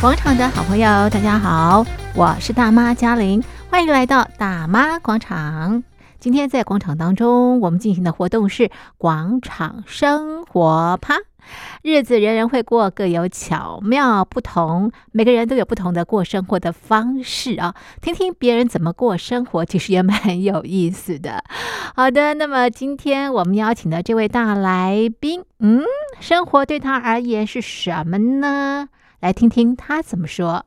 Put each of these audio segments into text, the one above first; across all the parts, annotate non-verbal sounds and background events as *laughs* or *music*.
廣場的好朋友，大家好，我是大媽嘉玲，歡迎來到大媽廣場。今天在廣場當中，我們進行的活動是廣場生活趴，日子人人會過，各有巧妙不同，每個人都有不同的過生活的方式啊、哦。聽聽別人怎麼過生活，其實也蠻有意思的。好的，那麼今天我們邀請的這位大來賓，嗯，生活對他而言是什麼呢？來聽聽他怎麼說。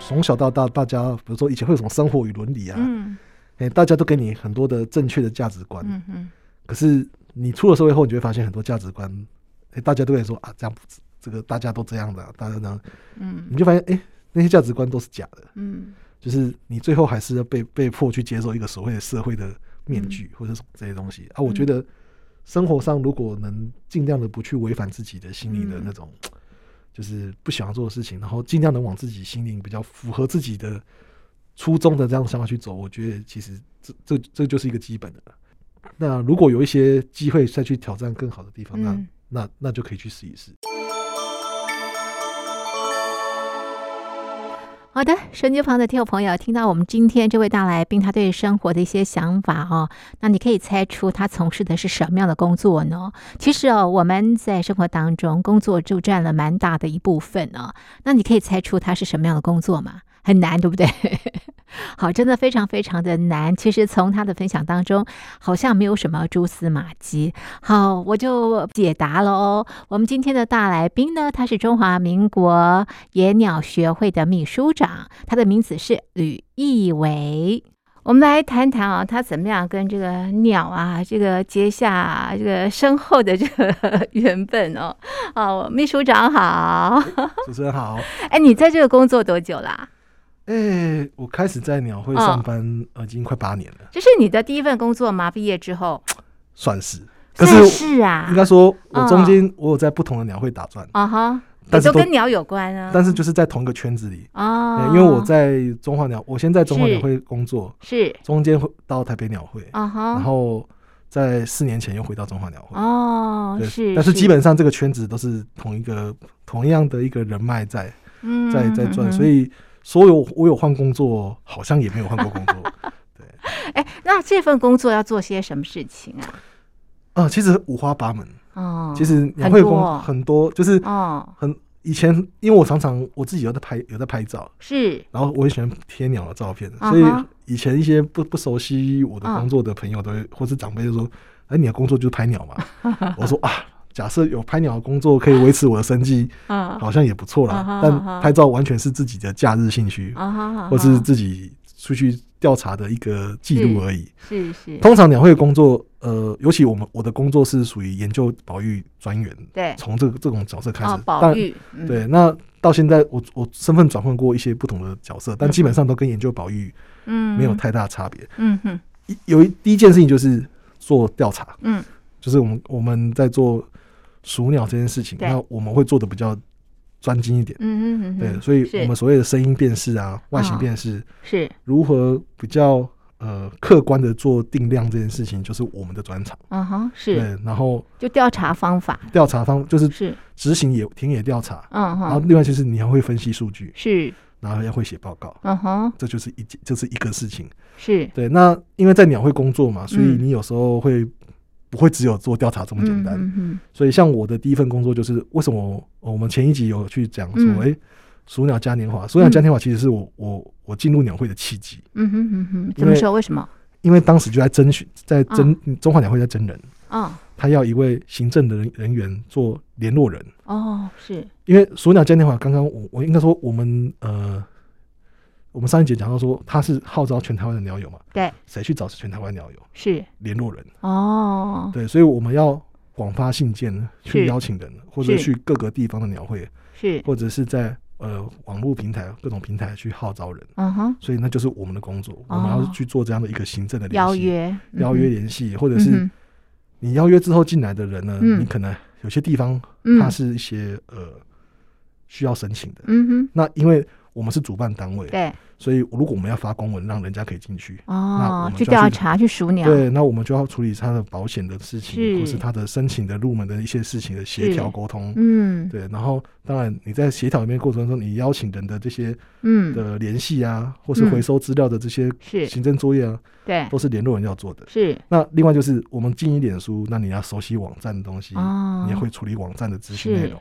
從小到大，大家比如說以前會有什麼生活與倫理啊、嗯誒，大家都給你很多的正確的價值觀。嗯嗯哼。可是你出了社會後，你就會發現很多價值觀，誒大家都會說啊，這樣不，這個大家都這樣的，大家呢，嗯，你就發現哎，那些價值觀都是假的。嗯。就是你最後還是被被迫去接受一個所謂的社會的面具，嗯、或者這些東西啊。我覺得、嗯。生活上，如果能盡量的不去違反自己的心裡的那種，嗯、就是不喜歡做的事情，然後盡量能往自己心裡比較符合自己的初衷的這樣的想法去走，我覺得其實這這這就是一個基本的。那如果有一些機會再去挑戰更好的地方，嗯、那那那就可以去試一試。好的，手機旁的聽友朋友，聽到我們今天這位大來賓，他對生活的一些想法哦，那你可以猜出他從事的是什麼樣的工作呢？其實哦，我們在生活當中，工作就占了蠻大的一部分哦。那你可以猜出他是什麼樣的工作嗎？很難，對不對？ *laughs* 好，真的非常非常的難。其實從他的分享當中，好像沒有什麼蛛絲馬跡。好，我就解答了哦。我們今天的大來賓呢，他是中華民國野鳥學會的秘書長，他的名字是呂翊維。我們來談談啊、哦，他怎麼樣跟這個鳥啊，這個結下、啊、這個深厚的這個緣分哦。哦，秘書長好，主持人好。哎，你在這個工作多久啦、啊？哎，我開始在鳥會上班，呃，已經快八年了。就是你的第一份工作嘛？畢業之後，算是算是啊。應該說，我中間我有在不同的鳥會打轉啊哈，都跟鳥有關啊。但是就是在同一個圈子裡啊，因為我在中華鳥，我先在中華鳥會工作是，中間到台北鳥會啊哈，然後在四年前又回到中華鳥會哦，是。但是基本上這個圈子都是同一個同樣的一個人脈在嗯在在轉，所以。所以，我有換工作，好像也沒有換過工作。對 *laughs* 欸，那這份工作要做些什麼事情啊？啊、呃，其實五花八門，哦，其實鳥會有很多，很多就是哦，很以前，因為我常常我自己有在拍有在拍照，是，然後我也喜歡貼鳥的照片，嗯、哼所以以前一些不不熟悉我的工作的朋友，都會、哦、或是長輩就說：“哎、欸，你的工作就是拍鳥嘛？” *laughs* 我說啊。假設有拍鳥的工作可以維持我的生計，好像也不錯啦。但拍照完全是自己的假日興趣，或是自己出去調查的一個記錄而已。通常鳥會工作，呃，尤其我們我的工作是屬於研究保育專員，對，從這個這種角色開始。但對。那到現在我我身份轉換過一些不同的角色，但基本上都跟研究保育沒有太大差別。嗯，有一第一件事情就是做調查，嗯，就是我們我們在做。數鳥這件事情，那我們會做的比較專精一點。嗯嗯嗯，對，所以我們所謂的聲音辨識啊，外形辨識，是如何比較呃客觀的做定量這件事情，就是我們的專長。嗯哼，是。對，然後就調查方法，調查方就是是執行也田野調查。嗯哼，然後另外就是你還會分析數據，是，然後要會寫報告。嗯哼，這就是一這是一個事情。是對，那因為在鳥會工作嘛，所以你有時候會。不會只有做調查這麼簡單，嗯嗯嗯，所以像我的第一份工作就是為什麼我們前一集有去講說，誒數、嗯，欸、鳥嘉年華，數鳥嘉年華其實是我我我進入鳥會的契機。嗯哼嗯哼、嗯嗯，怎為麼說為什麼？因為當時就在爭取，在徵、哦、中華鳥會在徵人啊，哦、他要一位行政的人人員做聯絡人哦，是因為數鳥嘉年華，剛剛我我應該說我們呃。我們上一集講到說，他是號召全台灣的鳥友嘛？對，誰去找是全台灣鳥友是聯絡人哦。對，所以我們要廣發信件去邀請人，或者去各個地方的鳥會，是或者是在呃網絡平台各種平台去號召人。嗯哼，所以那就是我們的工作，我們要去做這樣的一個行政的邀約、邀約聯繫，或者是你邀約之後進來的人呢，你可能有些地方它是一些呃需要申請的。嗯哼，那因為。我們是主辦單位，對，所以如果我們要發公文讓人家可以進去哦，去調查去數鳥，對，那我們就要處理他的保險的事情，或是他的申請的入門的一些事情的協調溝通，嗯，對。然後，當然，你在協調裡面過程中，你邀請人的這些嗯的聯繫啊，或是回收資料的這些行政作業啊，對，都是聯絡人要做的。是，那另外就是我們經營臉書，那你要熟悉網站的東西，你會處理網站的資訊內容。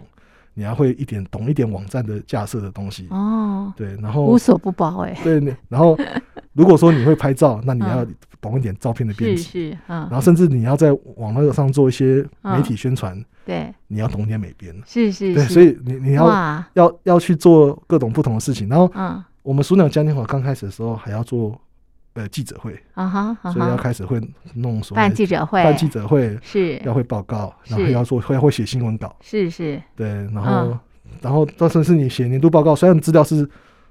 你還會一點懂一點網站的架設的東西哦，對，然後無所不包哎，對。然後 *laughs* 如果說你會拍照，那你要懂一點照片的編輯、嗯，是，是、嗯、然後甚至你要在網絡上做一些媒體宣傳、嗯嗯，對，你要懂一點美編，是是。對，所以你你要哇要要去做各種不同的事情。然後啊，嗯、我們熟鳥嘉年華剛開始的時候還要做。呃，記者會啊，所以要開始會弄辦記者會，辦記者會是要會報告，然後要做要會寫新聞稿，是是，對，然後然後倒算是你寫年度報告，雖然資料是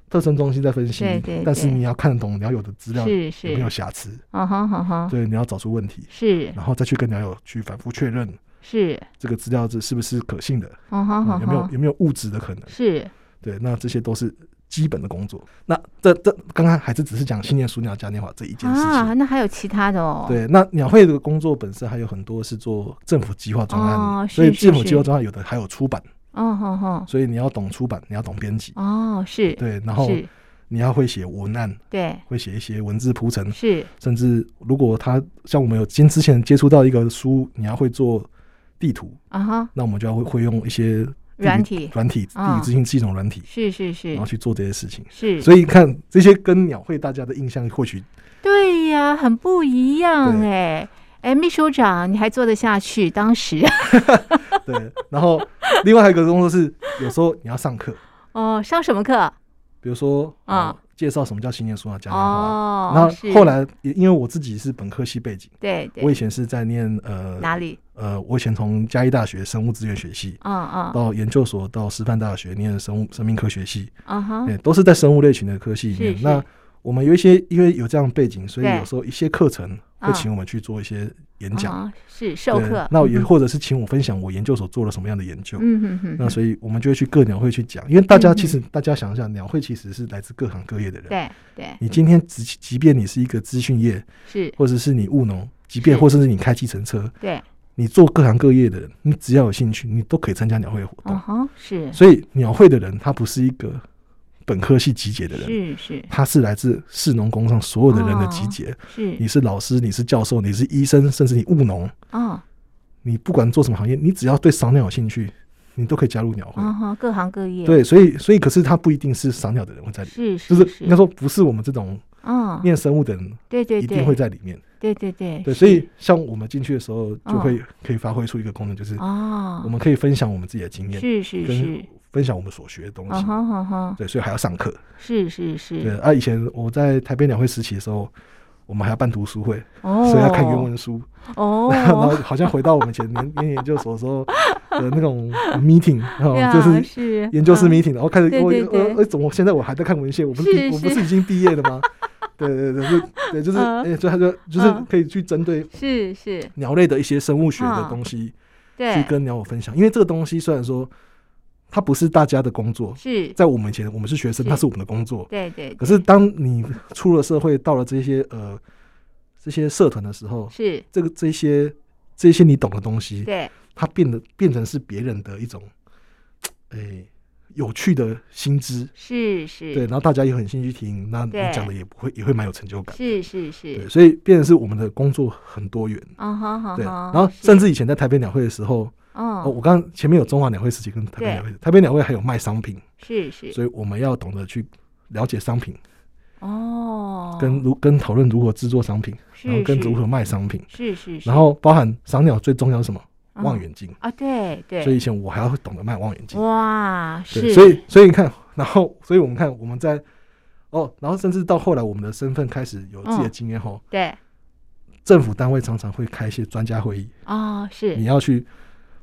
特徵中心在分析，但是你要看得懂，你要有的資料是是有沒有瑕疵，啊對，你要找出問題是，然後再去跟你要有去反復確認是這個資料這是不是可信的，啊有沒有有沒有誤植的可能？是對，那這些都是。基本的工作，那這這剛剛還是只是講青年賞鳥嘉年華這一件事情，啊，那還有其他的哦。對，那鳥會的工作本身還有很多是做政府計劃專案，哦，所以政府計劃專案有的還有出版。哦，哦，哦，所以你要懂出版，你要懂編輯。哦，是，對，然後你要會寫文案，對是，會寫一些文字鋪陳，是對，甚至如果他像我們有今之前接觸到一個書，你要會做地圖啊哈，那我們就要會會用一些。軟體，軟體，地理資訊是一種軟體，是是是，然後去做這些事情，是，是，所以看這些跟鳥會大家的印象或許，對呀、啊，很不一樣哎，哎對、欸，祕書長你還做得下去？當時， *laughs* 對，然後另外還有一個工作是，有時候你要上課，哦，上什麼課？比如說啊。哦介紹什麼叫新念書啊？講講然後後來，是因為我自己是本科系背景，對，對，我以前是在念呃哪裡？呃，我以前從嘉義大學生物資源學系，uh, uh, 到研究所，到師範大學念生物生命科學系，uh huh，都是在生物類群的科系裡面。是是那我們有一些，因為有這樣的背景，所以有時候一些課程會請我們去做一些演講、啊對啊，是授課。那也或者是請我分享我研究所做了什麼樣的研究。嗯嗯嗯。那所以我們就會去各鳥會去講，因為大家其實、嗯、哼大家想一下，鳥會其實是來自各行各業的人。對對。對，你今天即，即即便你是一個資訊業，是，或者是你務農，即便或者是你開計程車，對，你做各行各業的人，你只要有興趣，你都可以參加鳥會活動。啊哈、是、所以鳥會的人，他不是一個。本科系集結的人是，是他是來自士農工商所有的人的集結。哦、是你是老師，你是教授，你是醫生，甚至你務農、哦、你不管做什麼行業，你只要對賞鳥有興趣，你都可以加入鳥會、哦。各行各業，對，所以所以，可是他不一定是賞鳥的人會在裡面，是是是就是，應該說不是我們這種啊念生物的人，一定會在裡面，哦、對對對對。所以像我們進去的時候，就會可以發揮出一個功能，哦、就是啊，我們可以分享我們自己的經驗，是是是跟。分享我們所學的東西，對，所以還要上課。是是是。對啊，以前我在台北鳥會時期的時候，我們還要辦讀書會，所以要看原文書，然後好像回到我們前面研究所的時候的那種 meeting，然後就是研究室 meeting，然後開始我我哎，怎麼現在我還在看文獻？我不是我不是已經畢業了嗎？對對對，就對，就是所以他就，就是可以去針對是是鳥類的一些生物學的東西，去跟鳥友分享，因為這個東西雖然說。它不是大家的工作，是在我們以前，我們是學生，那是我們的工作。對對。可是當你出了社會，到了這些呃這些社團的時候，是這個這些這些你懂的東西，對，它變得變成是別人的一種，哎，有趣的新知，是是。對，然後大家也很興趣聽，那你講的也不會也會蠻有成就感，是是是。對，所以變成是我們的工作很多元，啊好好。對，然後甚至以前在台北鳥會的時候。哦，我剛前面有中華鳥會時期，跟台北鳥會，台北鳥會還有賣商品，是是，所以我們要懂得去了解商品哦，跟如跟討論如何制作商品，然後跟如何賣商品，是是，然後包含賞鳥最重要是什麼？望遠鏡啊，對對，所以以前我還要懂得賣望遠鏡，哇，是，所以所以你看，然後所以我們看我們在哦，然後甚至到後來，我們的身份開始有自己的經驗後，對，政府單位常常會開一些專家會議哦，是，你要去。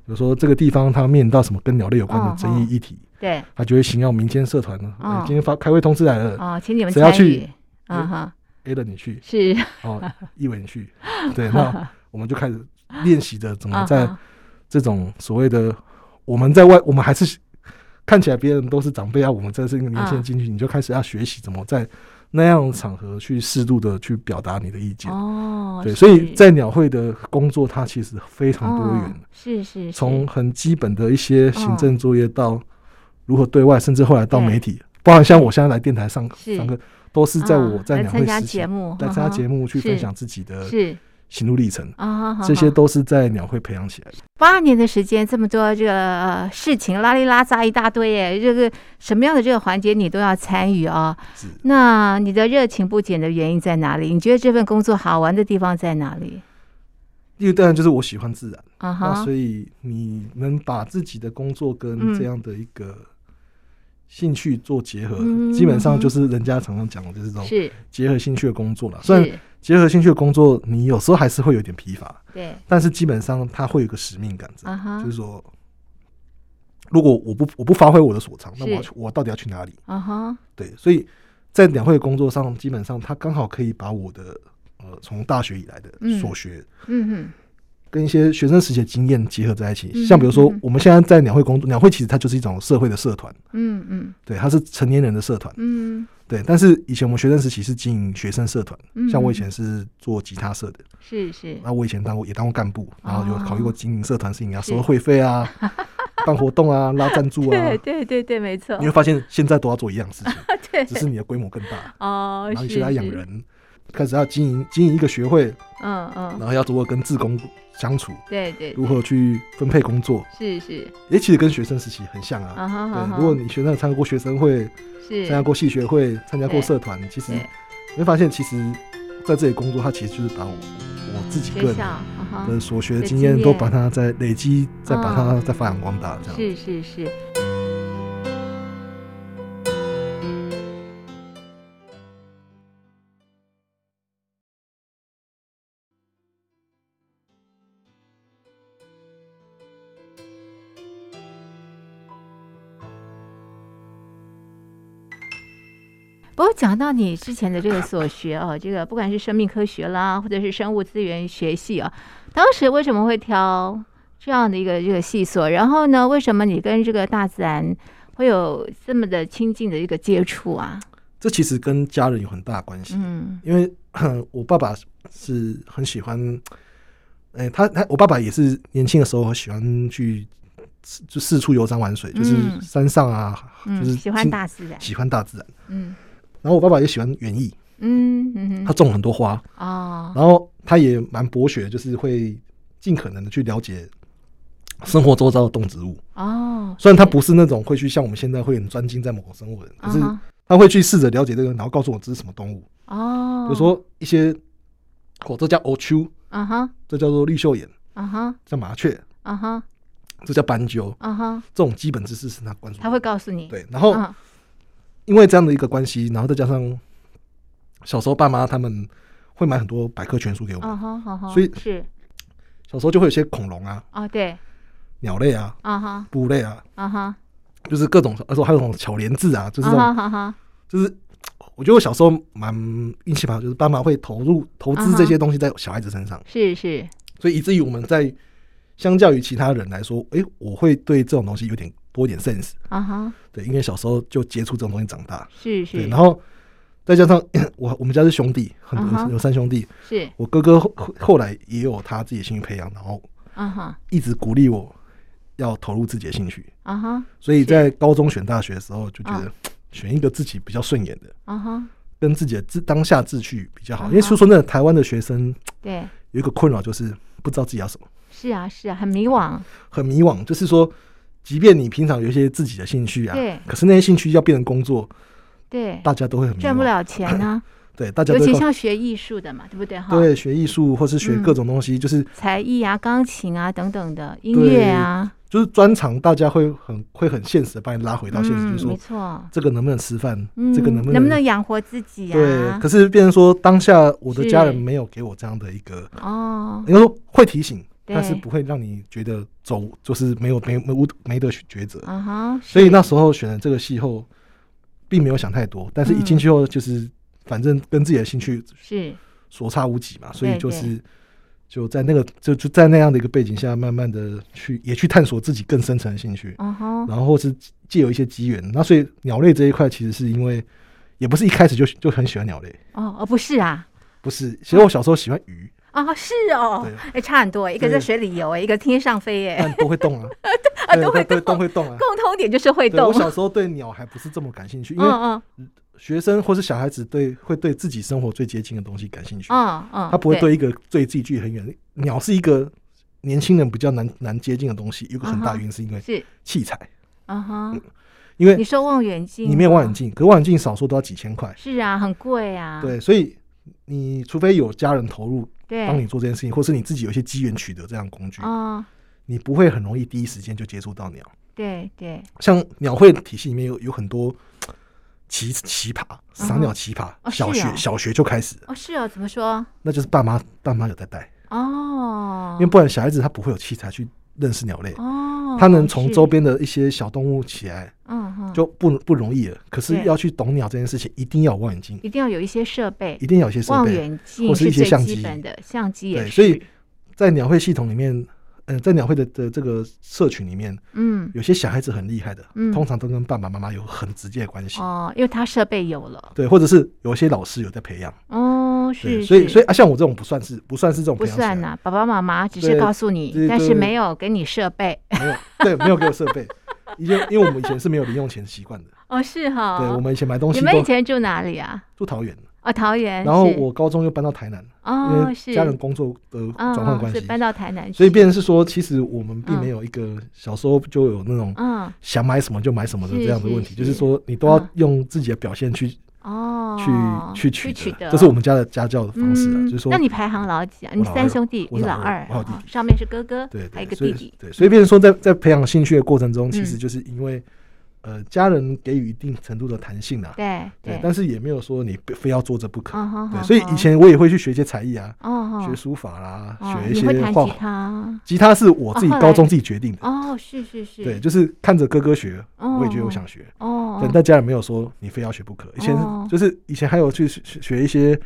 比如說這個地方他面臨到什麼跟鳥類有關的爭議議題，對、uh，他、huh. 就會想要民間社團呢。Uh huh. 欸、今天發開會通知來了啊，請你們誰要去？哈哈，A 的你去是，哦， *laughs* 翊維你去。對，那我們就開始練習着怎麼在這種所謂的、uh huh. 我們在外，我們還是看起來別人都是長輩啊，我們這是一個年輕人進去，uh huh. 你就開始要學習怎麼在。那樣的場合去適度的去表達你的意見哦，對，所以在鳥會的工作，它其實非常多元，是、哦、是，從很基本的一些行政作業到如何對外，哦、甚至後來到媒體，對包括像我現在來電臺上是上課，都是在我在鳥會時期、哦、來參加節目，呵呵來參加節目去分享自己的是。是心路歷程啊，oh, oh, oh, oh. 這些都是在鳥會培養起來的。八年的時間，這麼多這個事情，拉里拉雜一大堆耶，這個什麼樣的這個環節你都要參與啊。是那你的熱情不減的原因在哪裡？你覺得這份工作好玩的地方在哪裡？因為當然就是我喜歡自然啊，uh huh. 所以你能把自己的工作跟這樣的一個、嗯。興趣做結合，嗯、哼基本上就是人家常常講的就是這種結合興趣的工作了。是雖然結合興趣的工作，你有時候還是會有點疲乏，對，但是基本上它會有一個使命感，啊、哈就是說，如果我不我不發揮我的所長，是那麼我到底要去哪裡？啊、哈對，所以在鳥會的工作上，基本上它剛好可以把我的呃、從大學以來的所學，嗯嗯跟一些學生時期的經驗結合在一起，像比如說我們現在在鳥會工作，鳥會其實它就是一種社會的社團，嗯嗯，對，它是成年人的社團，嗯，對。但是以前我們學生時期是經營學生社團，像我以前是做吉他社的，是是。那我以前當過也當過幹部，然後有考慮過經營社團是你要，收會費啊，辦活動啊，拉贊助啊，對對對，沒錯。你會發現現在都要做一樣的事情，對，只是你的規模更大哦，然後你現在養人，開始要經營經營一個學會，嗯嗯，然後要如何跟志工。相處，對，對對，如何去分配工作，是是，也其實跟學生時期很像啊。啊對，如果你學生參加過學生會，是參加過系學會，參加過社團，對其實，你會對發現，其實在這裡工作，他其實就是把我我自己個人的學校、啊、所學的經驗都把它再累積，再把它再發揚光大，這樣、嗯。是是是。我講、哦、到你之前的這個所學哦，這個不管是生命科學啦，或者是生物資源學系啊、哦，當時為什麼會挑這樣的一個這個系所？然後呢，為什麼你跟這個大自然會有這麼的親近的一個接觸啊？這其實跟家人有很大關係。嗯，因為我爸爸是很喜歡，哎、欸，他他我爸爸也是年輕的時候喜歡去四就四處遊山玩水，嗯、就是山上啊，就是喜歡大自然，喜歡大自然，自然嗯。然後我爸爸也喜歡園藝，嗯嗯，他種很多花，然後他也蠻博學，就是會盡可能的去了解生活周遭的動植物啊。雖然他不是那種會去像我們現在會很專精在某個生物的人，可是他會去試着了解這個，然後告訴我這是什麼動物啊。比如說一些，哦，這叫烏秋啊哈，這叫做綠繡眼啊哈，叫麻雀啊哈，這叫斑鳩啊哈，這種基本知識是他關注，他會告訴你對，然後。因為這樣的一個關係，然後再加上小時候爸媽他們會買很多百科全書給我，所以是小時候就會有些恐龍啊啊對，鳥類啊啊哈哺乳類啊啊哈，就是各種，而且還有種巧連智啊，就是這種，就是我覺得我小時候蠻運氣吧，就是爸媽會投入投資這些東西在小孩子身上，是是，所以以至於我們在。相較於其他人來說，誒、欸，我會對這種東西有點多一點 sense 啊哈、uh。Huh. 對，因為小時候就接觸這種東西長大，是是。然後再加上、欸、我我們家是兄弟，很、uh huh. 有三兄弟。是、uh huh. 我哥哥後後來也有他自己的興趣培養，然後啊哈，一直鼓勵我要投入自己的興趣啊哈。Uh huh. 所以在高中選大學的時候，就覺得、uh huh. 選一個自己比較順眼的啊哈，uh huh. 跟自己的自當下志趣比較好。Uh huh. 因為說說那台灣的學生對有一個困擾就是不知道自己要什麼。是啊，是啊，很迷惘，很迷惘。就是說，即便你平常有一些自己的興趣啊，對，可是那些興趣要變成工作，對，大家都會很賺不了錢呢。對，大家尤其像學藝術的嘛，對不對？哈，對，學藝術或是學各種東西，就是才藝啊、鋼琴啊等等的音樂啊，就是專長，大家會很會很現實的把你拉回到現實，就是說，沒錯，這個能不能吃飯？這個能不能能不能養活自己啊？對，可是變成說當下我的家人沒有給我這樣的一個哦，你說會提醒。對但是不會讓你覺得走就是沒有沒沒無沒得選抉擇啊哈，uh、huh, 所以那時候選了這個戲後，並沒有想太多，但是一進去後就是、嗯、反正跟自己的興趣是所差無幾嘛，所以就是對對對，就在那個就就在那樣的一個背景下，慢慢的去也去探索自己更深層的興趣啊哈，uh huh、然後或是藉由一些機緣，那所以鳥類這一塊其實是因為也不是一開始就就很喜歡鳥類哦哦不是啊，uh huh. 不是，其實我小時候喜歡魚。Uh huh. 啊，是哦，哎，差很多，一個在水裡游，哎，一個天上飛，哎，都會動啊，對，都會動，會動，共通點就是會動。我小時候對鳥還不是這麼感興趣，因為嗯，學生或是小孩子對會對自己生活最接近的東西感興趣，嗯嗯，他不會對一個對自己距離很遠鳥是一個年輕人比較難難接近的東西，有個很大原因是因為是器材啊哈，因為你說望遠鏡，你沒有望遠鏡，可望遠鏡少說都要幾千塊，是啊，很貴啊，對，所以你除非有家人投入。幫對你做這件事情，或是你自己有一些機緣取得這樣的工具啊，嗯、你不會很容易第一時間就接觸到鳥。對對，對，像鳥會體系裡面有有很多奇奇葩賞鳥奇葩，嗯、哼小學、哦哦、小學就開始。哦，是哦，怎麼說？那就是爸媽爸媽有在帶哦。因為不然小孩子他不會有器材去。認識鳥類哦，他能從周邊的一些小動物起來，嗯、哦，就不不容易了。可是要去懂鳥這件事情，一定要望遠鏡，對一定要有一些設備，一定要有一些望遠鏡或是一些相機，對，所以在鳥會系統裡面，嗯、呃，在鳥會的的這個社群裡面，嗯，有些小孩子很厲害的，嗯、通常都跟爸爸媽媽有很直接的關係哦，因為他設備有了，對，或者是有些老師有在培養，哦所以，所以啊，像我這種不算是，不算是這種。不算吶，爸爸媽媽只是告訴你，但是沒有給你設備。沒有，對，沒有給我設備。因為因為我們以前是沒有零用錢習慣的。哦，是哈。對，我們以前買東西。你們以前住哪裡啊？住桃園啊，桃園。然後我高中又搬到台南哦，是。因為家人工作的轉換關係，搬到台南去。所以，變成是說，其實我們並沒有一個小時候就有那種想買什麼就買什麼的這樣的問題，就是說，你都要用自己的表現去。哦，去去去取得，這是我們家的家教的方式，嗯、就是說。那你排行老幾啊？你三兄弟，老你老二，上面是哥哥，對，對，對，還有一個弟弟，對，所以，變成說在在培養興趣的過程中，嗯、其實就是因為。呃，家人給予一定程度的彈性啊。對對，但是也沒有說你非要做着不可，對，所以以前我也會去學一些才藝啊，學書法啦，學一些。你吉他？吉他是我自己高中自己決定的。哦，是是是。對，就是看着哥哥學，我也覺得我想學。哦。但家人沒有說你非要學不可。以前就是以前還有去學一些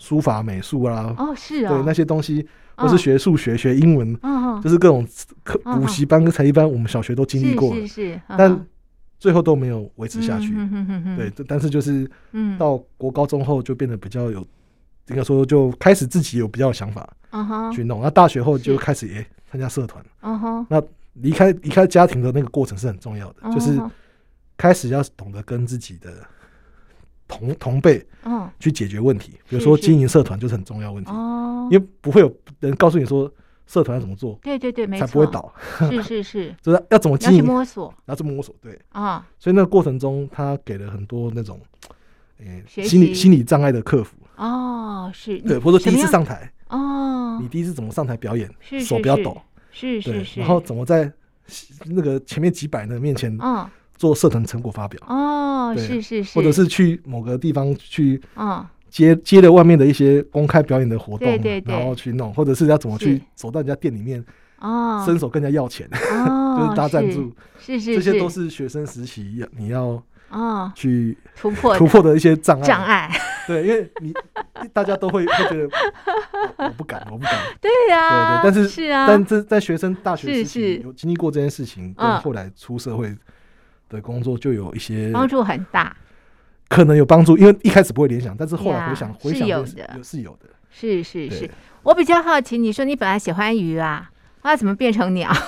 書法、美術啦。哦，是啊。對那些東西，或是學數學、學英文，就是各種課、補習班跟才藝班，我們小學都經歷過，是。但最後都沒有維持下去，嗯嗯嗯、對，但是就是，到國高中後就變得比較有，嗯、應該說就開始自己有比較有想法去弄。Uh-huh, 那大學後就開始也參加社團，uh-huh, 那離開離開家庭的那個過程是很重要的，uh-huh, 就是開始要懂得跟自己的同同輩去解決問題。Uh-huh, 比如說經營社團就是很重要的問題，uh-huh, 因為不會有人告訴你說。社團要怎麼做？對對對，沒才不會倒。是是是，就是要怎麼進？要去摸索，要摸索，對啊。所以那個過程中，他給了很多那種，心理心理障礙的克服。哦，是，對，或者說第一次上台，哦，你第一次怎麼上台表演，手比較抖，是是，然後怎麼在那個前面幾百的面前，做社團成果發表，哦，是是是，或者是去某個地方去，接接了外面的一些公開表演的活動，然後去弄，或者是要怎麼去走到人家店裡面，哦，伸手跟人家要錢，就是搭贊助，是是，這些都是學生時期，要你要哦去突破突破的一些障礙障礙。對，因為你大家都會會覺得我不敢，我不敢。對呀，對對，但是是啊，但這在學生大學時期有經歷過這件事情，跟後來出社會的工作就有一些幫助很大。可能有幫助，因為一開始不會聯想，但是後來回想，yeah, 回想、就是、是有的，是有的，是是是。對我比較好奇，你說你本來喜歡魚啊，後來怎麼變成鳥？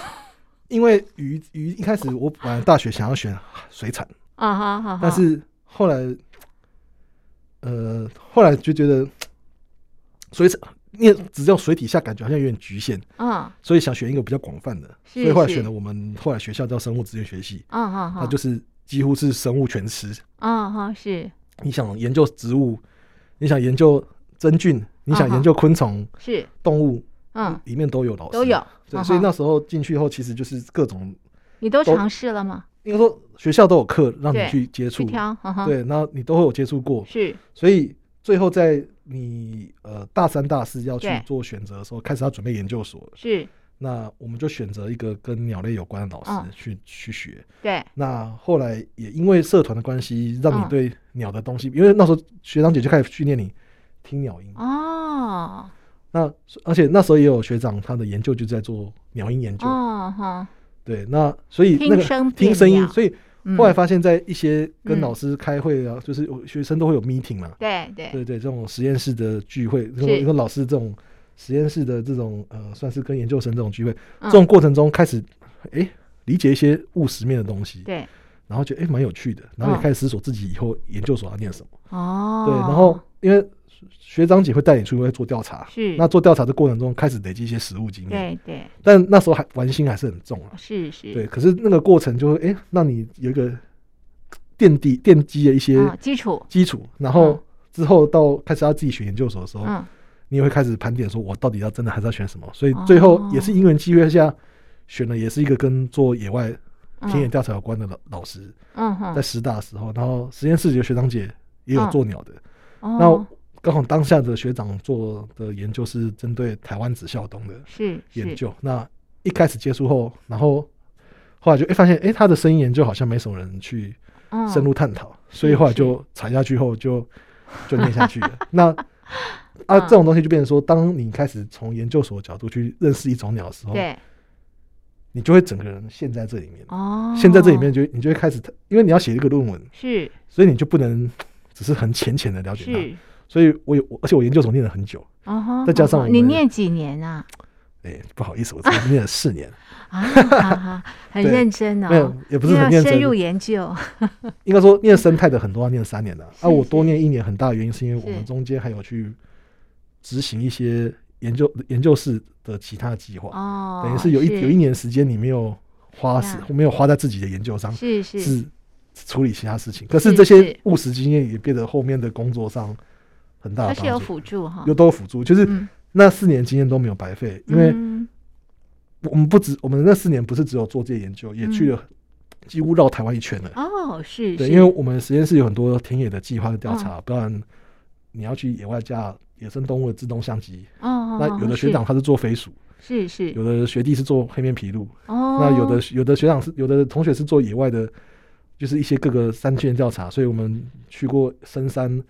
因為魚魚一開始我本來大學想要選水產，啊哈哈但是後來，oh. 呃，後來就覺得水產，因為只在水底下，感覺好像有點局限，啊，oh. 所以想選一個比較廣泛的，oh. 所以後來選了我們後來學校叫生物資源學系，oh. 啊哈哈就是。幾乎是生物全吃啊哈，是。你想研究植物，你想研究真菌，你想研究昆蟲，是動物，嗯，裡面都有老師都有，所以那時候進去以後，其實就是各種，你都嘗試了嗎？應該說學校都有課讓你去接觸，對，那你都會有接觸過，是。所以最後在你呃大三、大四要去做選擇的時候，開始要準備研究所了，是。那我們就選擇一個跟鳥類有關的老師去去學，哦。對。那後來也因為社團的關係，讓你對鳥的東西，哦，因為那時候學長姐就開始訓練你聽鳥音。哦。那而且那時候也有學長，他的研究就在做鳥音研究。哦對，那所以那個聽聲音，所以後來發現在一些跟老師開會啊，嗯，就是學生都會有 meeting 嘛。對對，對，對對。對這種實驗室的聚會，就是，因為老師這種。實驗室的這種呃，算是跟研究生這種機會，嗯、這種過程中開始，欸、理解一些務實面的東西，對，然後覺得欸、蠻有趣的，然後也開始思索自己以後研究所要念什麼、嗯、對，然後因為學長姐會帶你出去做調查，是，那做調查的過程中開始累積一些實務經驗，對對，但那時候還玩心還是很重啊，是是，對，可是那個過程就會哎讓你有一個奠定奠基的一些基礎、嗯、基礎，然後之後到開始要自己選研究所的時候。嗯你也會開始盤點，說我到底要真的還是要選什麼？所以最後也是因緣機會，下選了，也是一個跟做野外田野調查有關的老師。嗯嗯、在師大的時候，然後實驗室裡的學長姐也有做鳥的。嗯哦、那剛好當下的學長做的研究是針對台灣紫嘯鶇的，是研究。那一開始接觸後，然後後來就、欸、發現，哎、欸，他的聲音研究好像沒什麼人去深入探討，嗯、所以後來就踩下去後就就念下去了。 *laughs* 那。啊，這種東西就變成說，當你開始從研究所的角度去認識一種鳥的時候，對，你就會整個人陷在這裡面哦，陷在這裡面就你就會開始，因為你要寫一個論文，是，所以你就不能只是很淺淺的了解它。所以，我有而且我研究所念了很久哦，再加上你念幾年啊？哎，不好意思，我只念了四年啊，很認真哦，沒有也不是很深入研究，應該說念生態的很多要念三年的，啊，我多念一年，很大的原因是因為我們中間還有去。執行一些研究研究室的其他計劃哦，等於是有一有一年時間你沒有花是沒有花在自己的研究上，是處理其他事情。可是這些務實經驗也變得後面的工作上很大，它有輔助又都有輔助，就是那四年經驗都沒有白費，因為我們不止我們那四年不是只有做這些研究，也去了幾乎繞台灣一圈了哦，是對，因為我們實驗室有很多田野的計劃的調查，不然。你要去野外架野生動物的自動相機、oh, oh, oh, 那有的學長他是做飛鼠，是是；有的學弟是做黑面琵鷺、oh, 那有的有的學長是有的同學是做野外的，就是一些各個山區的調查。所以我們去過深山，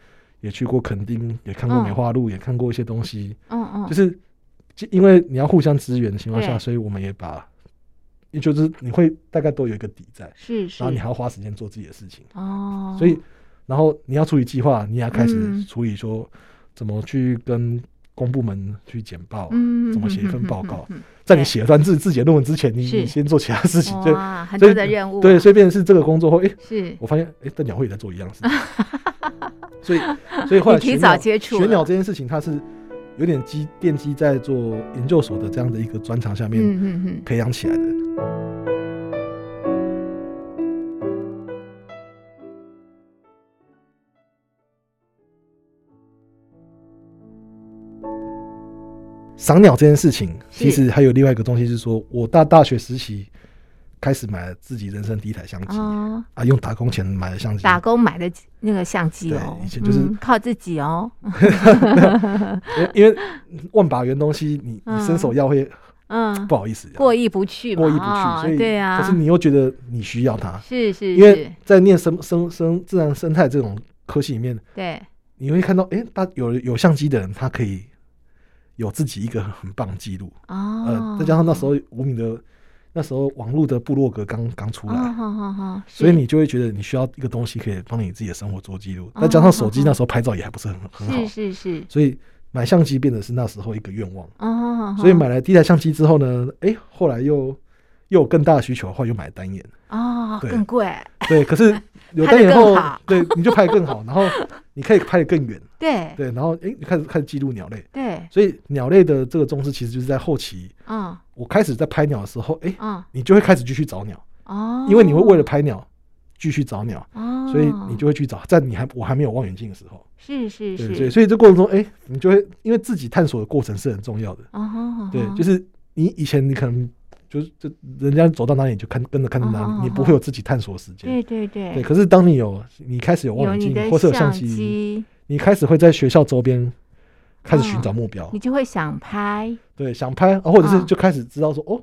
也去過墾丁，也看過梅花鹿，oh, 也看過一些東西。Oh, oh, 就是因為你要互相支援的情況下，oh, yeah. 所以我們也把，也就是你會大概都有一個底在，是是。是然後你還要花時間做自己的事情哦，oh, oh. 所以。然後你要處理計劃，你也要開始處理說怎麼去跟公部門去簡報，怎麼寫一份報告。在你寫一段自自己的論文之前，你先做其他事情，對對，所以變成是這個工作會。是我發現，哎，但鳥會也在做一樣的事情，所以所以後來提早接觸學鳥這件事情，它是有點基奠基在做研究所的這樣的一個專長下面培養起來的。賞鳥這件事情，其實還有另外一個東西，是說我大大學時期開始買了自己人生第一台相機啊，用打工錢買的相機，打工買的那個相機哦，對，以前就是靠自己哦，因為萬把元東西，你你伸手要會嗯，不好意思，過意不去嘛，過意不去，所以對啊，可是你又覺得你需要它，是是，因為在念生生生自然生態這種科系裡面，對，你會看到哎，它有有相機的人，他可以。有自己一個很棒的記錄、oh, 呃，再加上那時候無名的，那時候網絡的部落格剛剛出來，oh, oh, oh, oh, 所以你就會覺得你需要一個東西可以幫你自己的生活做記錄。再、oh, 加上手機那時候拍照也還不是很很好，是是是，所以買相機變得是那時候一個願望 oh, oh, oh, oh. 所以買了第一台相機之後呢，哎、欸，後來又又有更大的需求的話，後來又買單眼啊，更貴，對，可是。有燈以後，對，你就拍得更好，然後你可以拍得更遠，對對，然後哎，你開始開始記錄鳥類，對，所以鳥類的這個重視其實就是在後期啊。我開始在拍鳥的時候，哎，你就會開始繼續找鳥啊，因為你會為了拍鳥繼續找鳥啊，所以你就會去找，在你還我還沒有望遠鏡的時候，是是是，所以所以這過程中，哎，你就會因為自己探索的過程是很重要的啊，對，就是你以前你可能。就是人家走到哪裡你就看跟着看着哪裡，你不會有自己探索的時間。對對對。對，可是當你有你開始有望遠鏡，或者有相機，你開始會在學校周邊開始尋找目標，你就會想拍。對，想拍，或者是就開始知道說哦，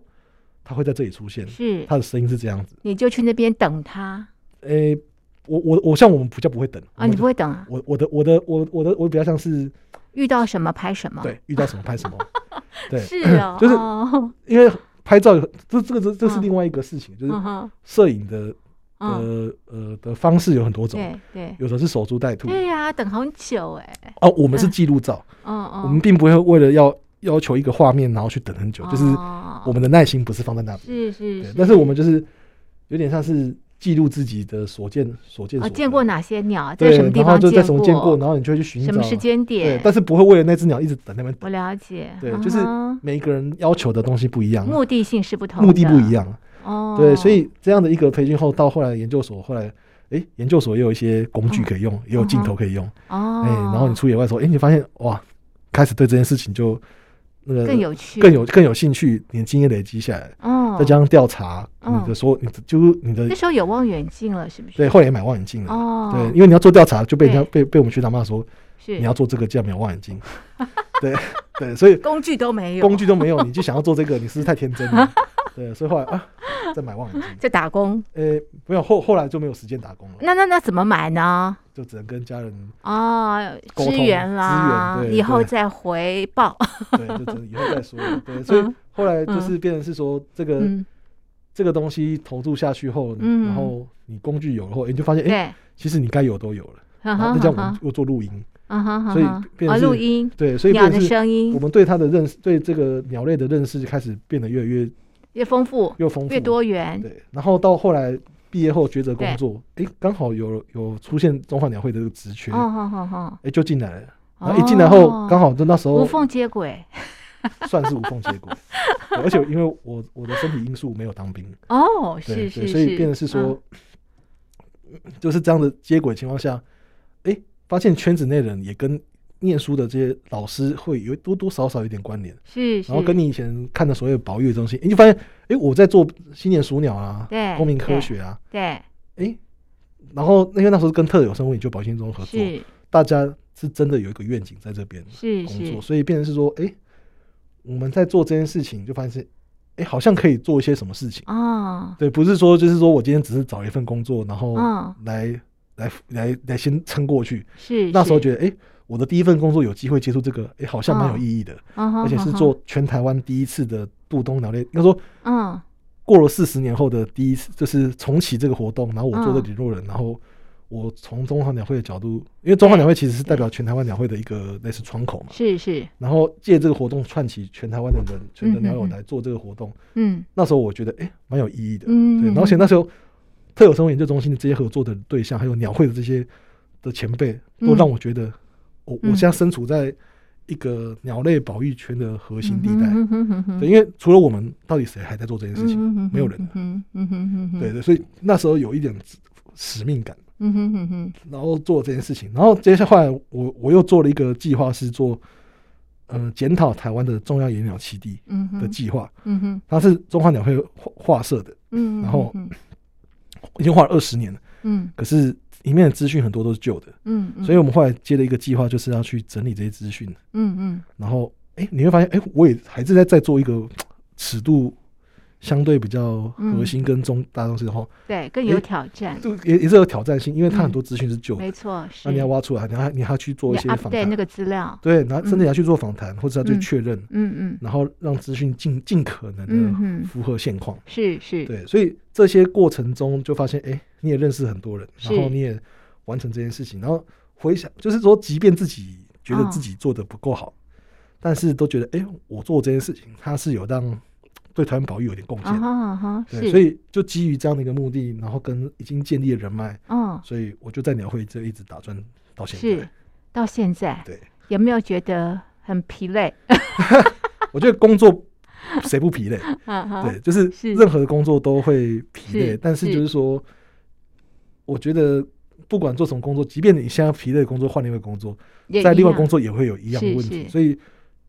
他會在這裡出現，是他的聲音是這樣子，你就去那邊等他。誒，我我我像我們比較不會等啊，你不會等啊？我我的我的我我的我比較像是遇到什麼拍什麼，對，遇到什麼拍什麼，對，是哦，就是因為。拍照，這這個這這是另外一個事情，嗯、就是攝影的呃的方式有很多種，對、有時候是守株待兔，對、哎、呀，等很久哎、欸。哦、啊，我們是記錄照，嗯嗯、我們並不會為了要要求一個畫面，然後去等很久，嗯、就是我們的耐心不是放在那裡，嗯、對是是，是對，但是我們就是有點像是。記錄自己的所見所見所，啊，見過哪些鳥，在什麼地方就在什麼見過？然後你就會去尋找什麼時間點，但是不會為了那只鳥一直等那邊。我了解，對，嗯、哼就是每一個人要求的東西不一樣，目的性是不同的，目的不一樣。哦，對，所以這樣的一個培訓後，到後來研究所，後來，哎、欸，研究所也有一些工具可以用，哦、也有鏡頭可以用。哦、欸，然後你出野外的時候，哎、欸，你發現哇，開始對這件事情就。更有趣，更有更有興趣，你的經驗累積下來，哦，再加上調查，你的說你就是你的那時候有望遠鏡了，是不是？對，後來也買望遠鏡了，對，因為你要做調查，就被人家被被我們學長罵說，你要做這個竟然沒有望遠鏡，對對，所以工具都沒有，工具都沒有，你就想要做這個，你是不是太天真了？對，所以後來啊，再買望遠鏡，再打工，呃，沒有後後來就沒有時間打工了。那那那怎麼買呢？就只能跟家人啊，支援啦，以後再回報。對，就只能以後再說。對，所以後來就是變成是說，這個這個東西投注下去後，然後你工具有了後，你就發現，哎，其實你該有都有了。然後就講我們又做錄音，所以變成，錄音對，所以鳥的聲音，我們對它的認識，對這個鳥類的認識，就開始變得越來越越豐富，越豐富，越多元。對，然後到後來。畢業後抉擇工作，誒對，剛、欸、好有有出現中華鳥會的這個職缺，哦、oh, oh, oh, oh. 欸、就進來了。Oh, 然後一進來後，剛好就那時候無縫接軌，oh, oh. 算是無縫接軌。 *laughs* 而且因為我我的身體因素沒有當兵，哦、oh, 對，對對，所以變得是說，嗯、就是這樣的接軌情況下，誒、欸，發現圈子內人也跟。念書的這些老師會有多多少少有點關聯，是，是。然後跟你以前看的所有保育的東西，你、欸、就發現，欸、我在做新年數鳥啊，對，公民科學啊，對，欸、然後因為那時候跟特有生物研究保育中心合作，是，大家是真的有一個願景在這邊是工作，是，是所以變成是說，欸、我們在做這件事情，就發現是，哎、欸，好像可以做一些什麼事情啊？哦、對，不是說就是說我今天只是找一份工作，然後來、哦、來來來，來先撐過去，是，是。那時候覺得，哎、欸。我的第一份工作有機會接觸這個，哎、欸，好像蠻有意義的，oh、而且是做全台灣第一次的渡冬鳥類。應該、oh、說，嗯，過了四十年後的第一次，oh、就是重啟這個活動，然後我做的領路人，oh、然後我從中華鳥會的角度，因為中華鳥會其實是代表全台灣鳥會的一個類似窗口嘛，是，是。然後借這個活動串起全台灣的人，全的鳥友來做這個活動。嗯，oh、那時候我覺得哎，蠻、欸、有意義的，嗯。Oh、對，而且那時候特有生物研究中心的這些合作的對象，還有鳥會的這些的前輩，都讓我覺得。我我現在身處在一個鳥類保育圈的核心地帶，對，因為除了我們，到底誰還在做這件事情？沒有人、啊，對，對，所以那時候有一點使命感，然後做這件事情，然後接下來我我又做了一個計劃，是做呃檢討台灣的重要野鳥棲地的計劃，它是中華鳥會劃設的，然後已經劃了二十年了，可是。裡面的資訊很多都是舊的，嗯，嗯，所以我們後來接了一個計劃，就是要去整理這些資訊，嗯，嗯嗯，然後誒、欸，你會發現，誒、欸，我也還是在在做一個尺度。相對比較核心跟中大東西的話，嗯欸，對更有挑戰，欸，就也也是有挑戰性，因為他很多資訊是舊的，嗯，沒錯，那你要挖出來，你要你要去做一些訪談，對那個資料，對，然後甚至你要去做訪談，嗯，或者是要去確認，嗯嗯，嗯嗯然後讓資訊盡盡可能的符合現況，嗯，是是，對，所以這些過程中就發現，哎，欸，你也認識很多人，是然後你也完成這件事情，然後回想，就是說，即便自己覺得自己做的不夠好，哦，但是都覺得，哎，欸，我做這件事情，它是有讓。對台灣保育有點貢獻，uh huh, uh、huh, 對，是。所以就基於這樣的一個目的，然後跟已經建立的人脈，嗯、uh，huh. 所以我就在鳥會這一直打算到現在，是，到現在對，有沒有覺得很疲累？ *laughs* 我覺得工作誰不疲累？ *laughs* 對，就是任何的工作都會疲累， *laughs* 但是就是說，我覺得不管做什麼工作，即便你現在疲累，工作換另外工作，也一樣，在另外工作也會有一樣的問題，是是，所以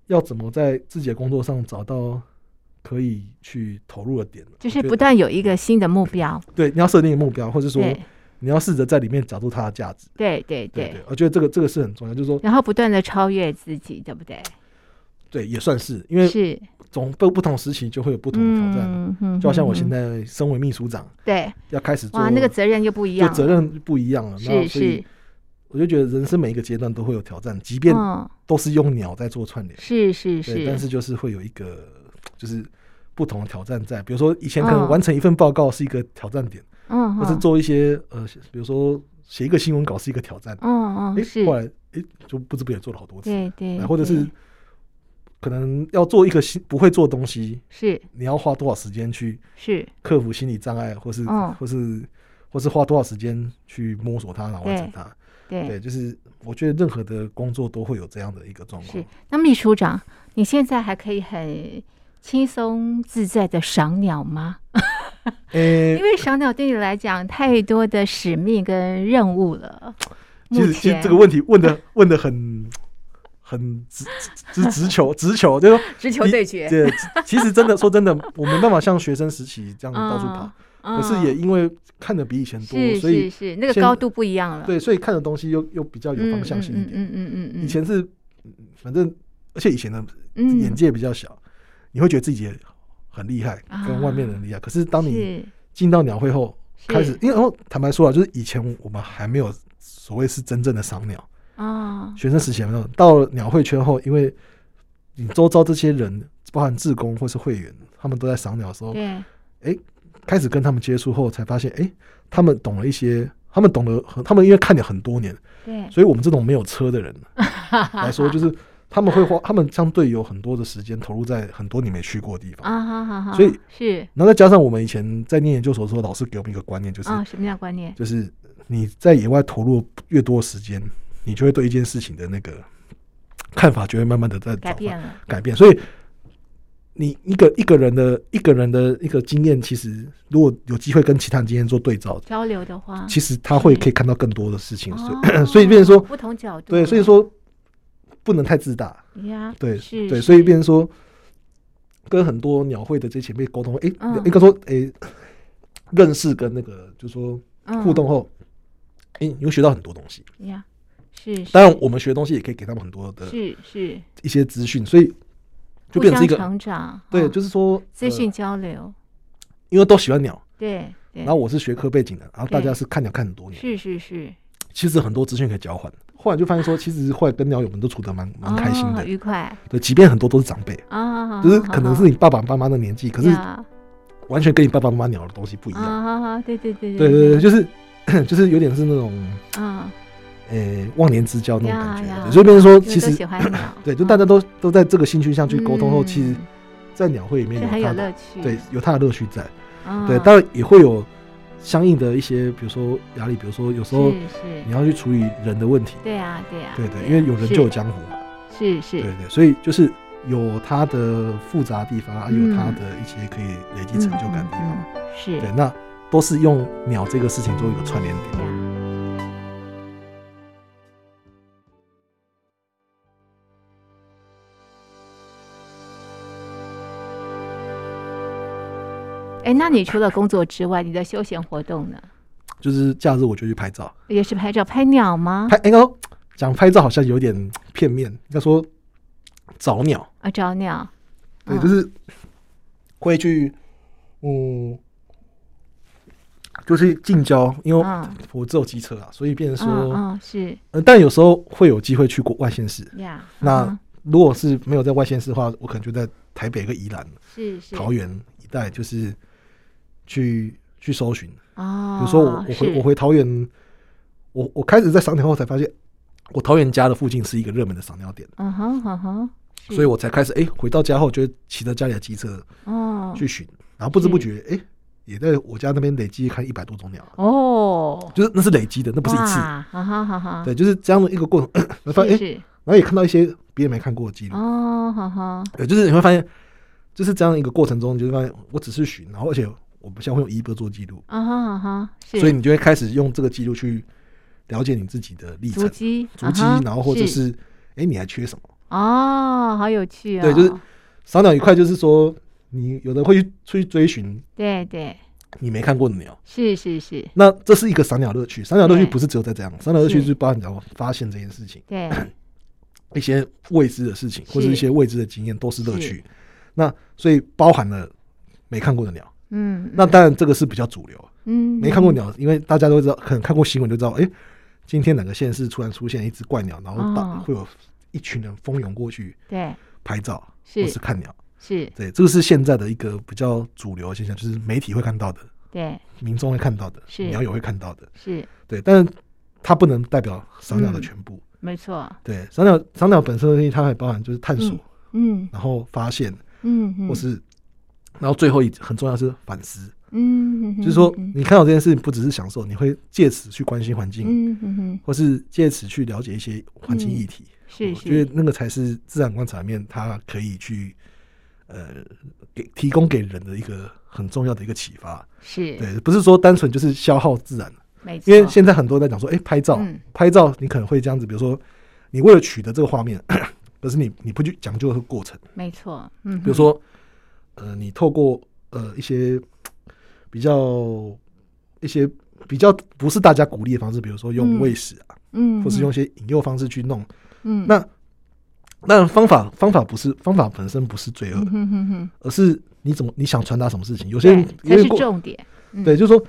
要怎麼在自己的工作上找到？可以去投入的點，就是不斷有一個新的目標。對，你要設定目標，或者說你要試着在裡面找出它的價值。對對對，我覺得這個這個是很重要，就是說，然後不斷的超越自己，對不對？對，也算是，因為是總不不同時期就會有不同的挑戰。嗯就好像我現在身為秘書長，對，要開始做，哇，那個責任就不一樣，責任不一樣了。是是，我就覺得人生每一個階段都會有挑戰，即便都是用鳥在做串聯，是是是，但是就是會有一個。就是不同的挑戰在，比如說以前可能完成一份報告是一個挑戰點，嗯、哦，或是做一些呃，比如說寫一個新聞稿是一個挑戰，嗯嗯，哎，後來、欸、就不知不覺做了好多次，對對，對或者是可能要做一個新不會做東西，是對你要花多少時間去是克服心理障礙，是或是、哦、或是或是花多少時間去摸索它，然後完成它，對，對，對就是我覺得任何的工作都會有這樣的一個狀況。是那秘書長，你現在還可以很輕鬆自在的賞鳥嗎？因為賞鳥對你來講太多的使命跟任務了。其實其實這個問題問的問的很很直，直直球直球，就是直球對決。對，其實真的說真的，我沒辦法像學生時期這樣到處跑。可是也因為看的比以前多，所以是那個高度不一樣了。對，所以看的東西又又比較有方向性一點。嗯嗯嗯嗯，以前是反正而且以前的眼界比較小。你會覺得自己很厲害，跟外面人很厲害。啊、可是當你進到鳥會後，是開始因為坦白說啊，就是以前我們還沒有所謂是真正的賞鳥啊，哦、學生時期沒有到鳥會圈後，因為你周遭這些人，包含志工或是會員，他們都在賞鳥的時候，對、欸，開始跟他們接觸後，才發現，哎、欸，他們懂了一些，他們懂得，他們因為看了很多年，對，所以我們這種沒有車的人來說，就是。 *laughs* 他們會花，他們相對有很多的時間投入在很多你沒去過的地方啊，uh huh, uh huh, 所以是，那再加上我們以前在念研究所的時候，老師給我們一個觀念就是啊，uh, 什麼樣的觀念？就是你在野外投入越多時間，你就會對一件事情的那個看法就會慢慢的在改變了，改變。所以你一個一個人的一個人的一個經驗，其實如果有機會跟其他人經驗做對照交流的話，其實他會可以看到更多的事情，嗯、所以、oh, *laughs* 所以變成說、oh, 對不同角度，對，所以說。不能太自大，對對，所以變成說跟很多鳥會的這些前輩溝通，誒，應該說誒，認識跟那個就說互動後，誒，你會學到很多東西，是。當然，我們學東西也可以給他們很多的，是是一些資訊，所以就變成一個成長，對，就是說資訊交流，因為都喜歡鳥，對。然後我是學科背景的，然後大家是看鳥看很多年，是是是。其實很多資訊可以交換，後來就發現說，其實後來跟鳥友們都處得蠻蠻開心的，愉快，對，即便很多都是長輩啊，就是可能是你爸爸媽媽的年紀，可是完全跟你爸爸媽媽鳥的東西不一樣。對對對對對就是就是有點是那種嗯，哎忘年之交那種感覺。所以變成說其實對，就大家都都在這個興趣上去溝通後，其實，在鳥會裡面有它的樂趣，對，有他的樂趣在。對，當然也會有。相應的一些，比如說壓力，比如說有時候你要去處理人的問題，對啊，對啊，對對，因為有人就有江湖嘛，是是，對對，所以就是有它的複雜的地方還有它的一些可以累積成就感的地方，是對，那都是用鳥這個事情做一個串聯點。哎、欸，那你除了工作之外，你的休閒活動呢？就是假日我就去拍照，也是拍照拍鳥嗎？拍，哎呦，因為講拍照好像有點片面。要說找鳥啊，找鳥，對，就是會去，嗯，嗯，就是近郊，因為我只有機車啊，嗯、所以變成說，嗯嗯、是、呃，但有時候會有機會去過外縣市。Yeah, 那如果是沒有在外縣市的話，我可能就在台北跟宜蘭，是，是，桃園一帶，就是。去去搜尋啊！比如說我我回我回桃園，我我開始在賞鳥後才發現，我桃園家的附近是一個熱門的賞鳥點。嗯哼嗯哼，所以我才開始哎，回到家後就騎着家裡的機車哦去尋，然後不知不覺哎也在我家那邊累積看一百多種鳥哦，就是那是累積的，那不是一次。對，就是這樣的一個過程，發現哎，然後也看到一些別人沒看過的記錄哦，哈哈，對，就是你會發現，就是這樣一個過程中，就是發現我只是尋，然後而且。我不像會用一播做記錄啊哈哈，所以你就會開始用這個記錄去了解你自己的歷程、足跡，然後或者是哎，你還缺什麼？哦，好有趣哦！對，就是賞鳥一塊，就是說你有的會去出去追尋，對對，你沒看過的鳥，是是是。那這是一個賞鳥樂趣，賞鳥樂趣不是只有在這樣，賞鳥樂趣是包含你要發現這件事情，對，一些未知的事情或者一些未知的經驗都是樂趣。那所以包含了沒看過的鳥。嗯，那當然，這個是比較主流。嗯，沒看過鳥，因為大家都知道，可能看過新聞就知道，哎，今天哪個縣市突然出現一隻怪鳥，然後會有一群人蜂擁過去，對，拍照，或是看鳥，是對，這個是現在的一個比較主流現象，就是媒體會看到的，對，民眾會看到的，是鳥友會看到的，是對，但是它不能代表賞鳥的全部，沒錯，對，賞鳥賞鳥本身的東西，它還包含就是探索，嗯，然後發現，嗯，或是。然後最後一很重要是反思，嗯，就是說你看到這件事情不只是享受，你會借此去關心環境，嗯，或是借此去了解一些環境議題，是，我覺得那個才是自然觀察裡面，它可以去呃給提供給人的一個很重要的一個啟發，是對，不是說單純就是消耗自然，因為現在很多人在講說，哎，拍照，拍照，你可能會這樣子，比如說你為了取得這個畫面，可是你你不去講究的過程，沒錯，嗯，比如說。呃，你透過呃一些比較一些比較不是大家鼓勵的方式，比如說用餵食啊，嗯，嗯，或是用一些引誘方式去弄，嗯，那那方法方法不是方法本身不是罪惡，嗯哼哼哼而是你怎麼你想傳達什麼事情？有些人也是重點，嗯、對，就是說。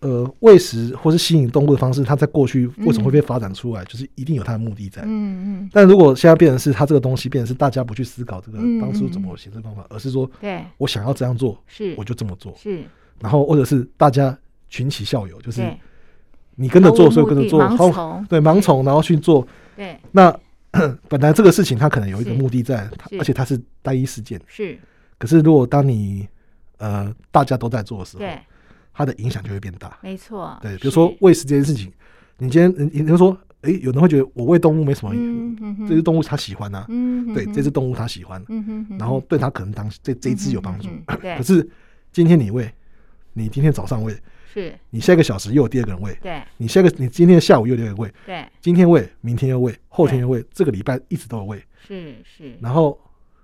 呃，餵食或是吸引動物的方式，它在過去為什麼會被發展出來？就是一定有它的目的在。嗯嗯。但如果現在變成是它這個東西變成是大家不去思考這個當初怎麼形成方法，而是說，對，我想要這樣做，是，我就這麼做，是。然後或者是大家群起效尤，就是你跟着做，所以跟着做，然後對盲從，然後去做。對。那本來這個事情它可能有一個目的在，而且它是單一事件。是。可是如果當你呃大家都在做的時候。他的影響就會變大，沒錯。對，比如說餵食這件事情，你今天，你就說，哎，有人會覺得我餵動物沒什麼意思，這只動物他喜歡啊，對，這只動物他喜歡，然後對他可能當這這一只有幫助。可是今天你餵，你今天早上餵，是你下個小時又有第二個人餵，對你下個你今天下午又有個人餵，對，今天餵，明天又餵，後天又餵，這個禮拜一直都有餵，是是。然後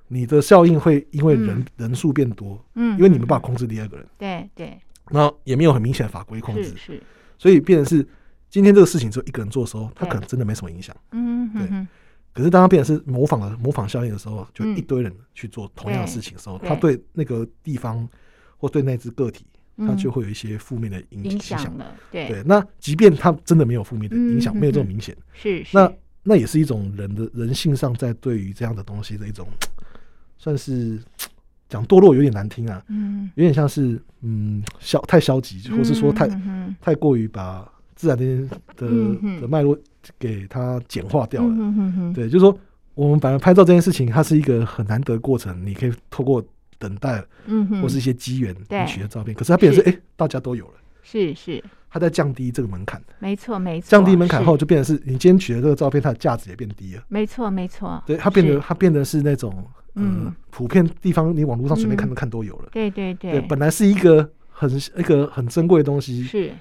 你的效應會因為人人數變多，嗯，因為你沒辦法控制第二個人，對對。那也沒有很明顯的法規控制，是，是，所以變成是今天這個事情，就一個人做的時候，對 他可能真的沒什麼影響，嗯哼哼，對。可是當他變成是模仿了模仿效應的時候，就一堆人去做同樣的事情的時候，嗯、他對那個地方或對那只個體，對 他就會有一些負面的影響、嗯、影響了、對，對。那即便他真的沒有負面的影響，嗯、哼哼沒有這麼明顯，是，是，那那也是一種人的人性上在對於這樣的東西的一種，算是。講墮落有點難聽啊，嗯，有點像是嗯消太消極，或是說太太過於把自然的的的脈絡給它簡化掉了，嗯嗯嗯，對，就是說我們本來拍照這件事情，它是一個很難得的過程，你可以透過等待，嗯，或是一些機緣你取的照片，可是它變成是哎，大家都有了，是是，它在降低這個門檻，沒錯沒錯，降低門檻後就變成是你今天取的這個照片，它的價值也變低了，沒錯沒錯，對，它變得它變得是那種。嗯，普遍地方你網絡上隨便看都、嗯、看都有了。對對對，對，本來是一個很一個很珍貴的東西，是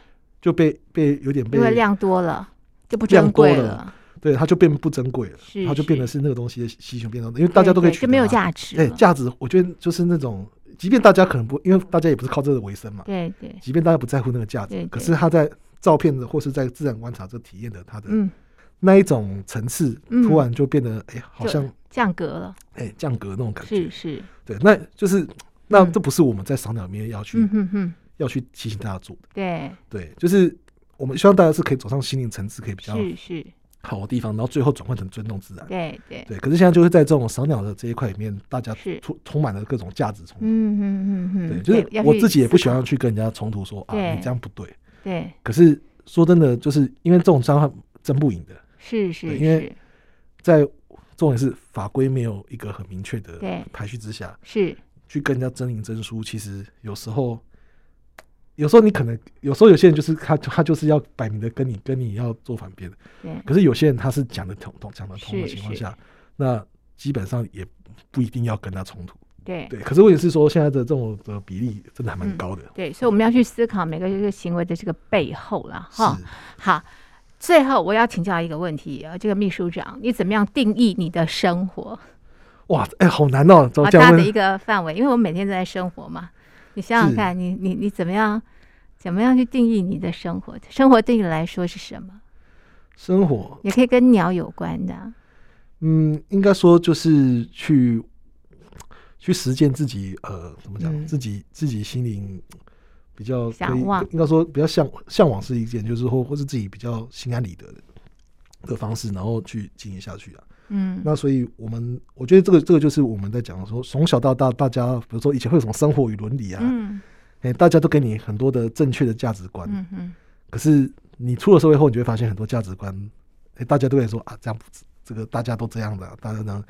就被被有點被，因為量多了，就不珍貴了，了。對，它就變不珍貴了，是是，它就變得是那個東西的稀求變成，因為大家都可以取它，對對對，就沒有價值。對、欸，價值我覺得就是那種，即便大家可能不，因為大家也不是靠這個為生嘛。對，對對，即便大家不在乎那個價值，對對對，可是他在照片的或是在自然觀察這體驗的，他的嗯。那一種層次突然就變得，哎，好像降格了，哎，降格那種感覺。是是，對，那就是那這不是我們在賞鳥裡面要去要去提醒大家做的。對對，就是我們希望大家是可以走上心靈層次，可以比較好的地方，然後最後轉換成尊重自然。對對對，可是現在就是在這種賞鳥的這一塊裡面，大家充充滿了各種價值衝突。對，就是我自己也不喜歡去跟人家衝突，說啊，你這樣不對。對。可是說真的，就是因為這種傷害爭不贏的。是是,是，因為在重點是法規沒有一個很明確的排序之下，是去跟人家爭贏爭輸，其實有時候，有時候你可能有時候有些人就是他他就是要擺明的跟你跟你要做反面的，對。可是有些人他是講得通通講得通的情況下，是是那基本上也不一定要跟他衝突，對對。可是問題是說現在的這種的比例真的還蠻高的、嗯，對。所以我們要去思考每個這個行為的這個背後了哈是、哦，好。最後，我要請教一個問題、喔、這個秘書長，你怎麼樣定義你的生活？哇，哎、欸，好難哦、喔，好大的一個範圍，因為我每天都在生活嘛。你想想看，是你你你怎麼樣，怎麼樣去定義你的生活？生活對你來說是什麼？生活也可以跟鳥有關的。嗯，應該說就是去，去實踐自己，呃，怎麼講、嗯？自己自己心靈。比較嚮往，應該說比較向嚮往是一件，就是說或是自己比較心安理得的的方式，然後去經營下去、啊、嗯，那所以我們我覺得這個這個就是我們在講的說從小到大，大家比如說以前會有什麼生活與倫理啊，嗯，欸、大家都給你很多的正確的價值觀，嗯嗯，可是你出了社會後，你就會發現很多價值觀、欸，大家都會說啊，這樣這個大家都這樣的、啊，大家這樣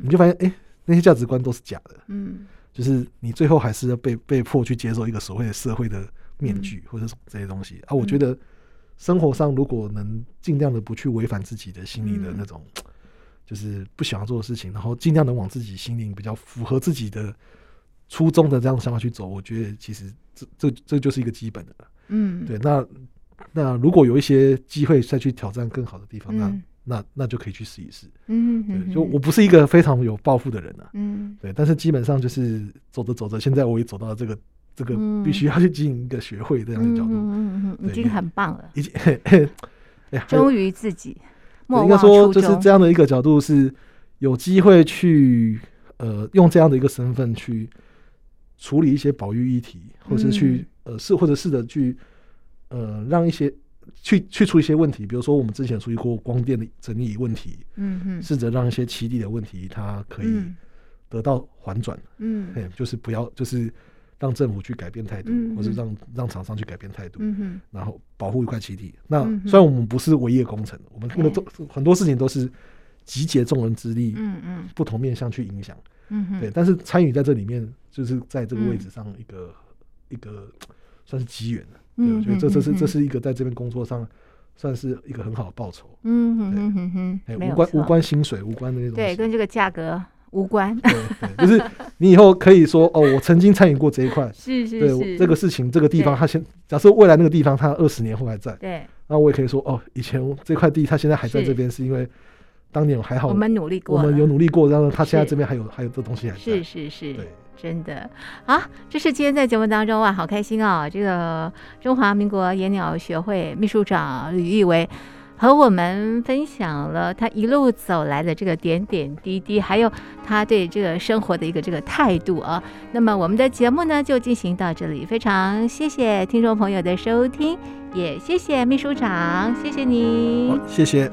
你就發現哎、欸，那些價值觀都是假的，嗯。嗯就是你最後還是要被被迫去接受一個所謂的社會的面具、嗯、或者這些東西啊，我覺得生活上如果能盡量的不去違反自己的心理的那種，嗯、就是不喜歡做的事情，然後盡量能往自己心靈比較符合自己的初衷的這樣想法去走，我覺得其實這這這就是一個基本的，嗯，對。那那如果有一些機會再去挑戰更好的地方，那。嗯那那就可以去試一試，嗯嗯嗯，就我不是一個非常有抱負的人啊，嗯哼，對，但是基本上就是走着走着，現在我也走到了這個這個必須要去經營一個學會這樣的角度，嗯嗯對已經很棒了，已經嘿。忠於自己，我應該說就是這樣的一個角度是有機會去呃用這樣的一個身份去處理一些保育議題，或者是去、嗯、呃試或者試着去呃讓一些。去去除一些問題，比如說我們之前出過光電的整理問題，嗯嗯，試着讓一些棲地的問題，它可以得到反轉，嗯，就是不要，就是讓政府去改變態度，或者讓讓廠商去改變態度，嗯，然後保護一塊棲地。那雖然我們不是唯一的工程，我們做的很多事情都是集結眾人之力，嗯嗯，不同面向去影響，嗯，對，但是參與在這裡面，就是在這個位置上，一個一個算是機緣嗯，我覺得這這是這是一個在這邊工作上算是一個很好的報酬。嗯嗯嗯嗯哎，無關無關薪水無關的那種。對，跟這個價格無關。對，就是你以後可以說哦，我曾經參與過這一塊，是是是，這個事情這個地方，它先假設未來那個地方，它二十年後還在，對。那我也可以說哦，以前這塊地它現在還在這邊，是因為當年我還好，我們努力過，我們有努力過，然後它現在這邊還有還有這東西還在，是是是，對。真的啊，這是今天在節目當中哇，好開心啊、哦！這個中華民國野鳥學會秘書長呂翊維和我們分享了他一路走來的這個點點滴滴，還有他對這個生活的一個這個態度啊。那麼我們的節目呢就進行到這裡，非常謝謝聽眾朋友的收聽，也謝謝秘書長，謝謝你、哦、謝謝。